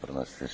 προς εμά